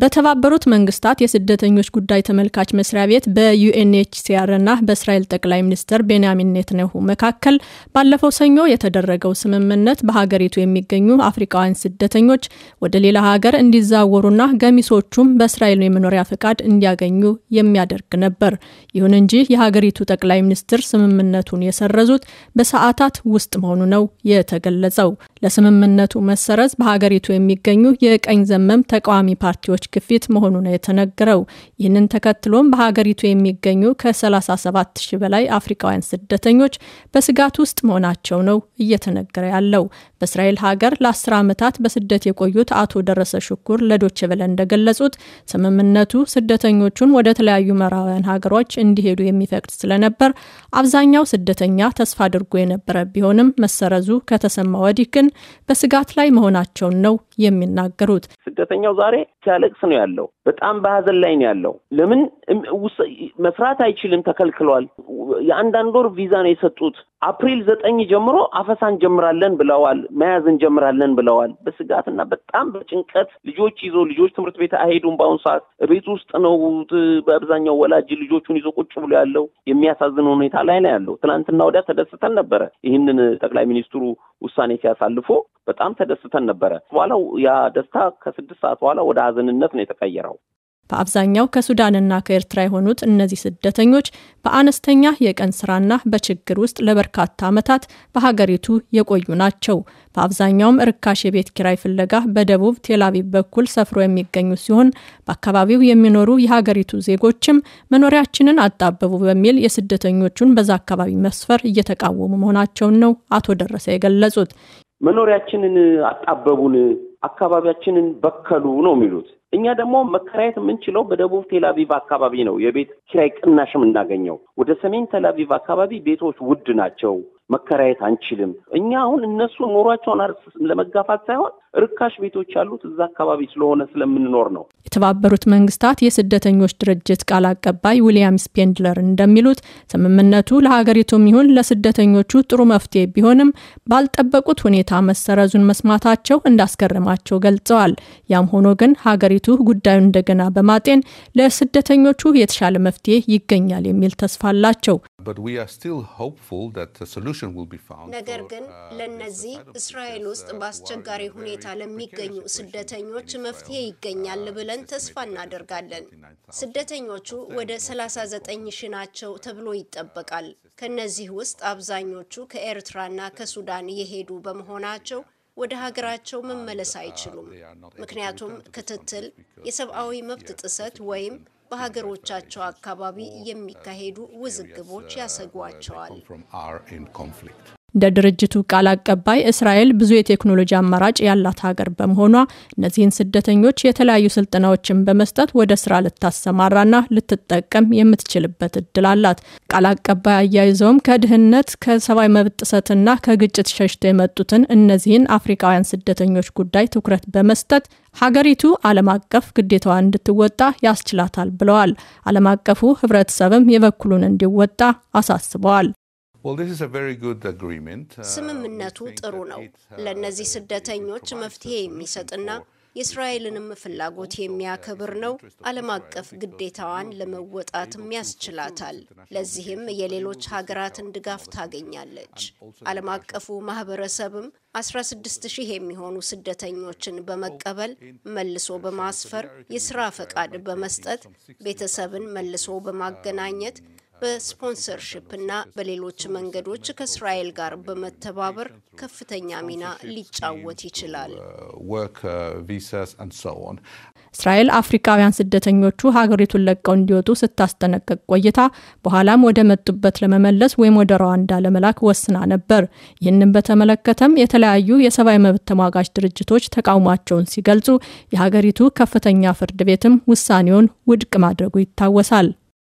በተባበሩት መንግስታት የስደተኞች ጉዳይ ተመልካች መስሪያ ቤት በዩኤንኤችሲአር እና በእስራኤል ጠቅላይ ሚኒስትር ቤንያሚን ኔትንያሁ መካከል ባለፈው ሰኞ የተደረገው ስምምነት በሀገሪቱ የሚገኙ አፍሪካውያን ስደተኞች ወደ ሌላ ሀገር እንዲዛወሩና ገሚሶቹም በእስራኤል የመኖሪያ ፈቃድ እንዲያገኙ የሚያደርግ ነበር። ይሁን እንጂ የሀገሪቱ ጠቅላይ ሚኒስትር ስምምነቱን የሰረዙት በሰዓታት ውስጥ መሆኑ ነው የተገለጸው። ለስምምነቱ መሰረዝ በሀገሪቱ የሚገኙ የቀኝ ዘመም ተቃዋሚ ፓርቲዎች ሰዎች ግፊት መሆኑ ነው የተነገረው። ይህንን ተከትሎም በሀገሪቱ የሚገኙ ከ37 ሺህ በላይ አፍሪካውያን ስደተኞች በስጋት ውስጥ መሆናቸው ነው እየተነገረ ያለው። በእስራኤል ሀገር ለ10 ዓመታት በስደት የቆዩት አቶ ደረሰ ሽኩር ለዶቼ ቬለ እንደገለጹት ስምምነቱ ስደተኞቹን ወደ ተለያዩ ምዕራባውያን ሀገሮች እንዲሄዱ የሚፈቅድ ስለነበር አብዛኛው ስደተኛ ተስፋ አድርጎ የነበረ ቢሆንም መሰረዙ ከተሰማ ወዲህ ግን በስጋት ላይ መሆናቸውን ነው የሚናገሩት። ስደተኛው ዛሬ ያለ በለቅስ ነው ያለው። በጣም በሀዘን ላይ ነው ያለው። ለምን መስራት አይችልም ተከልክሏል። የአንዳንድ ወር ቪዛ ነው የሰጡት። አፕሪል ዘጠኝ ጀምሮ አፈሳ እንጀምራለን ብለዋል። መያዝ እንጀምራለን ብለዋል። በስጋትና በጣም በጭንቀት ልጆች ይዞ ልጆች ትምህርት ቤት አይሄዱም። በአሁኑ ሰዓት ቤት ውስጥ ነው በአብዛኛው ወላጅ ልጆቹን ይዞ ቁጭ ብሎ ያለው የሚያሳዝን ሁኔታ ላይ ነው ያለው። ትናንትና ወዲያ ተደስተን ነበረ ይህንን ጠቅላይ ሚኒስትሩ ውሳኔ ሲያሳልፎ በጣም ተደስተን ነበረ። በኋላው ያ ደስታ ከስድስት ሰዓት በኋላ ወደ ሀዘንነት ነው የተቀየረው። በአብዛኛው ከሱዳንና ከኤርትራ የሆኑት እነዚህ ስደተኞች በአነስተኛ የቀን ስራና በችግር ውስጥ ለበርካታ ዓመታት በሀገሪቱ የቆዩ ናቸው። በአብዛኛውም እርካሽ የቤት ኪራይ ፍለጋ በደቡብ ቴላቪቭ በኩል ሰፍሮ የሚገኙ ሲሆን በአካባቢው የሚኖሩ የሀገሪቱ ዜጎችም መኖሪያችንን አጣበቡ በሚል የስደተኞቹን በዛ አካባቢ መስፈር እየተቃወሙ መሆናቸውን ነው አቶ ደረሰ የገለጹት። መኖሪያችንን አጣበቡን፣ አካባቢያችንን በከሉ ነው የሚሉት። እኛ ደግሞ መከራየት የምንችለው በደቡብ ቴላቪቭ አካባቢ ነው የቤት ኪራይ ቅናሽ የምናገኘው። ወደ ሰሜን ቴላቪቭ አካባቢ ቤቶች ውድ ናቸው፣ መከራየት አንችልም። እኛ አሁን እነሱ ኑሯቸውን ለመጋፋት ሳይሆን ርካሽ ቤቶች ያሉት እዛ አካባቢ ስለሆነ ስለምንኖር ነው። የተባበሩት መንግስታት የስደተኞች ድርጅት ቃል አቀባይ ዊሊያም ስፔንድለር እንደሚሉት ስምምነቱ ለሀገሪቱም ይሁን ለስደተኞቹ ጥሩ መፍትሄ ቢሆንም ባልጠበቁት ሁኔታ መሰረዙን መስማታቸው እንዳስገረማቸው ገልጸዋል። ያም ሆኖ ግን ሀገሪቱ ጉዳዩን እንደገና በማጤን ለስደተኞቹ የተሻለ መፍትሄ ይገኛል የሚል ተስፋ አላቸው። ነገር ግን uh, ለነዚህ uh, እስራኤል ውስጥ በአስቸጋሪ uh, ሁኔታ ቦታ ለሚገኙ ስደተኞች መፍትሄ ይገኛል ብለን ተስፋ እናደርጋለን። ስደተኞቹ ወደ 39 ሺ ናቸው ተብሎ ይጠበቃል። ከእነዚህ ውስጥ አብዛኞቹ ከኤርትራና ከሱዳን የሄዱ በመሆናቸው ወደ ሀገራቸው መመለስ አይችሉም። ምክንያቱም ክትትል፣ የሰብአዊ መብት ጥሰት ወይም በሀገሮቻቸው አካባቢ የሚካሄዱ ውዝግቦች ያሰጓቸዋል። እንደ ድርጅቱ ቃል አቀባይ እስራኤል ብዙ የቴክኖሎጂ አማራጭ ያላት ሀገር በመሆኗ እነዚህን ስደተኞች የተለያዩ ስልጠናዎችን በመስጠት ወደ ስራ ልታሰማራና ልትጠቀም የምትችልበት እድል አላት። ቃል አቀባይ አያይዘውም ከድህነት ከሰብአዊ መብት ጥሰትና ከግጭት ሸሽተው የመጡትን እነዚህን አፍሪካውያን ስደተኞች ጉዳይ ትኩረት በመስጠት ሀገሪቱ ዓለም አቀፍ ግዴታዋ እንድትወጣ ያስችላታል ብለዋል። ዓለም አቀፉ ህብረተሰብም የበኩሉን እንዲወጣ አሳስበዋል። Uh, ስምምነቱ ጥሩ ነው። uh, ለእነዚህ ስደተኞች መፍትሄ የሚሰጥና የእስራኤልንም ፍላጎት uh, የሚያከብር ነው። ዓለም አቀፍ ግዴታዋን ለመወጣትም ያስችላታል። ለዚህም የሌሎች ሀገራትን ድጋፍ ታገኛለች። ዓለም አቀፉ ማህበረሰብም 16 ሺህ የሚሆኑ ስደተኞችን በመቀበል መልሶ በማስፈር የስራ ፈቃድ በመስጠት ቤተሰብን መልሶ um, በማገናኘት በስፖንሰርሽፕ እና በሌሎች መንገዶች ከእስራኤል ጋር በመተባበር ከፍተኛ ሚና ሊጫወት ይችላል። እስራኤል አፍሪካውያን ስደተኞቹ ሀገሪቱን ለቀው እንዲወጡ ስታስጠነቀቅ ቆይታ በኋላም ወደ መጡበት ለመመለስ ወይም ወደ ሩዋንዳ ለመላክ ወስና ነበር። ይህንም በተመለከተም የተለያዩ የሰብአዊ መብት ተሟጋች ድርጅቶች ተቃውሟቸውን ሲገልጹ የሀገሪቱ ከፍተኛ ፍርድ ቤትም ውሳኔውን ውድቅ ማድረጉ ይታወሳል።